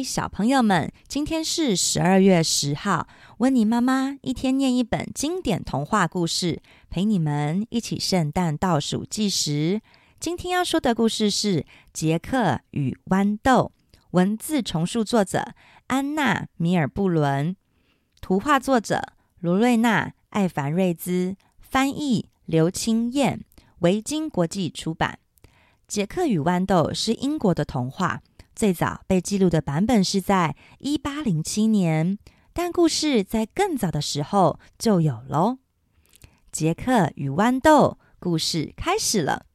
小朋友們，今天是十二月十號。溫妮媽媽一天念一本經典童話故事，陪你們一起聖誕倒數計時。今天要說的故事是《傑克與豌豆》，文字重述作者安娜·米爾布倫，圖畫作者羅芮娜·艾凡瑞茲，翻譯劉清彥，維京國際出版。《傑克與豌豆》是英國的童話。最早被記錄的版本是在一八零七年，但故事在更早的時候就有嘍。傑克與豌豆故事開始了。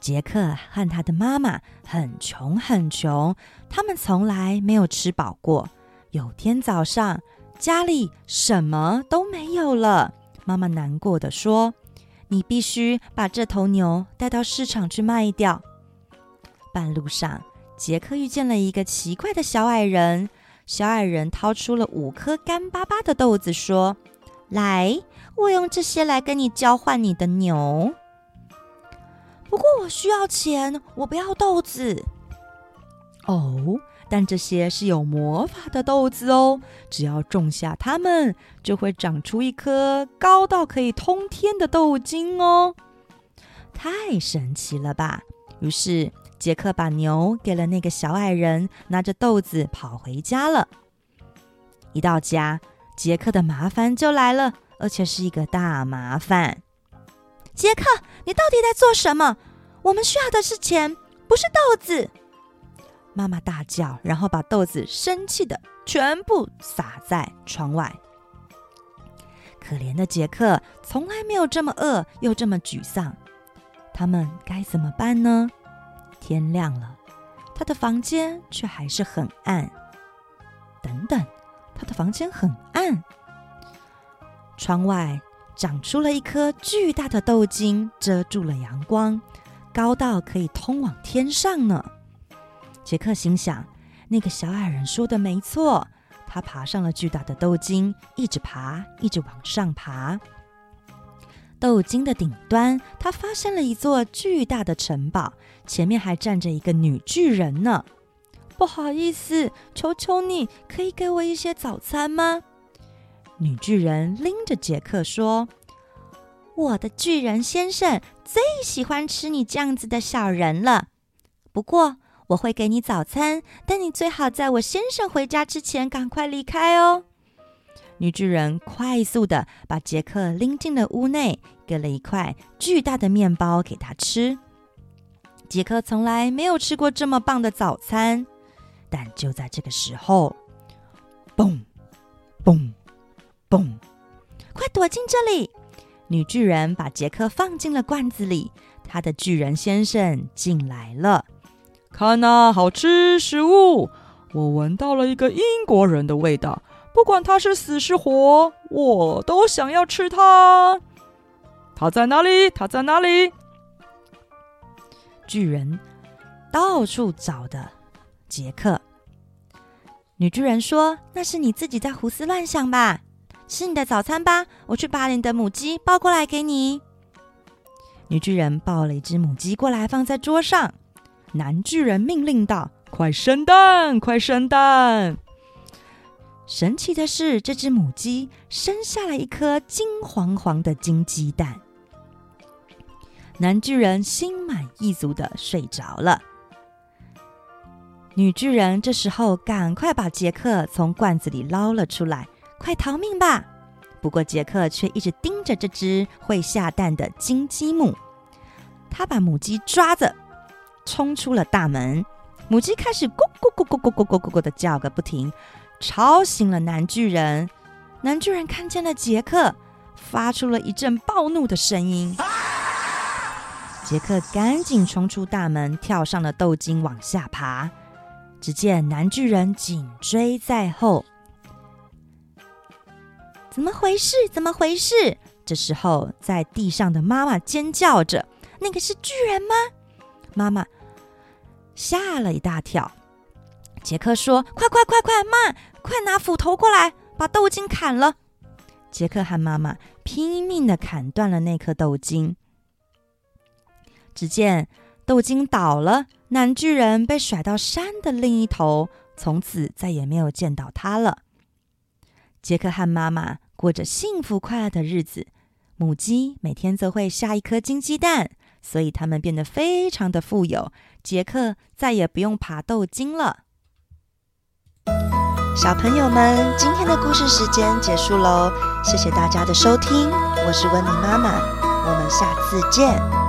傑克和他的媽媽很窮很窮，他們從來沒有吃飽過。有天早上，家裡什麼都沒有了。媽媽難過地說：“你必須把這頭牛帶到市場去賣掉。”半路上，傑克遇見了一個奇怪的小矮人。小矮人掏出了五顆乾巴巴的豆子，說：“來，我用這些來跟你交換你的牛。不過我需要錢，我不要豆子。”“哦，但這些是有魔法的豆子哦，只要種下它們，就會長出一顆高到可以通天的豆莖哦，太神奇了吧！”於是，傑克把牛給了那個小矮人，拿着豆子跑回家了。一到家，傑克的麻煩就來了，而且是一個大麻煩。傑克，你到底在做什麼？我們需要的是錢，不是豆子！媽媽大叫，然後把豆子生氣的全部撒在窗外。可憐的傑克，從來沒有這麼餓，又這麼沮喪。他們該怎麼辦呢？天亮了，他的房間卻還是很暗。等等，他的房間很暗。窗外長出了一顆巨大的豆莖，遮住了陽光，高到可以通往天上呢。傑克心想，那個小矮人說的沒錯。他爬上了巨大的豆莖，一直爬，一直往上爬。豆莖的頂端，他發現了一座巨大的城堡，前面還站着一個女巨人呢。不好意思，求求你，可以給我一些早餐嗎？女巨人拎着傑克說：“我的巨人先生最喜歡吃你這樣子的小人了。不過我會給你早餐，但你最好在我先生回家之前趕快離開哦。”女巨人快速地把傑克拎進了屋內，割了一塊巨大的麵包給他吃。傑克從來沒有吃過這麼棒的早餐。但就在這個時候，嘣，嘣，嘣！快躲進這裡！女巨人把傑克放進了罐子裡。她的巨人先生進來了，看啊，好吃食物！我聞到了一個英國人的味道。不管他是死是活，我都想要吃他。他在哪裡？他在哪裡？巨人到處找的傑克。女巨人說：“那是你自己在胡思亂想吧？吃你的早餐吧，我去把你的母雞抱過來給你。”女巨人抱了一隻母雞過來，放在桌上。男巨人命令道：“快生蛋，快生蛋！”神奇的是，這隻母雞生下了一顆金黃黃的金雞蛋。男巨人心滿意足地睡着了。女巨人這時候趕快把傑克從罐子裡撈了出來，快逃命吧！不過傑克卻一直盯着這隻會下蛋的金雞母，他把母雞抓着，衝出了大門。母雞開始咕咕咕咕咕咕咕咕咕的叫個不停。吵醒了男巨人，男巨人看見了傑克，發出了一陣暴怒的聲音。啊！傑克趕緊衝出大門，跳上了豆莖往下爬。只見男巨人緊追在後。怎麼回事？怎麼回事？這時候在地上的媽媽尖叫着：“那個是巨人嗎？”媽媽嚇了一大跳。傑克說：“快快快快，媽！快拿斧頭過來，把豆莖砍了。”傑克和媽媽拼命地砍斷了那顆豆莖。只見豆莖倒了，男巨人被甩到山的另一頭，從此再也沒有見到他了。傑克和媽媽過着幸福快樂的日子，母雞每天都會下一顆金雞蛋，所以他們變得非常的富有。傑克再也不用爬豆莖了。小朋友們，今天的故事時間結束嘍，謝謝大家的收聽，我是溫妮媽媽，我們下次見。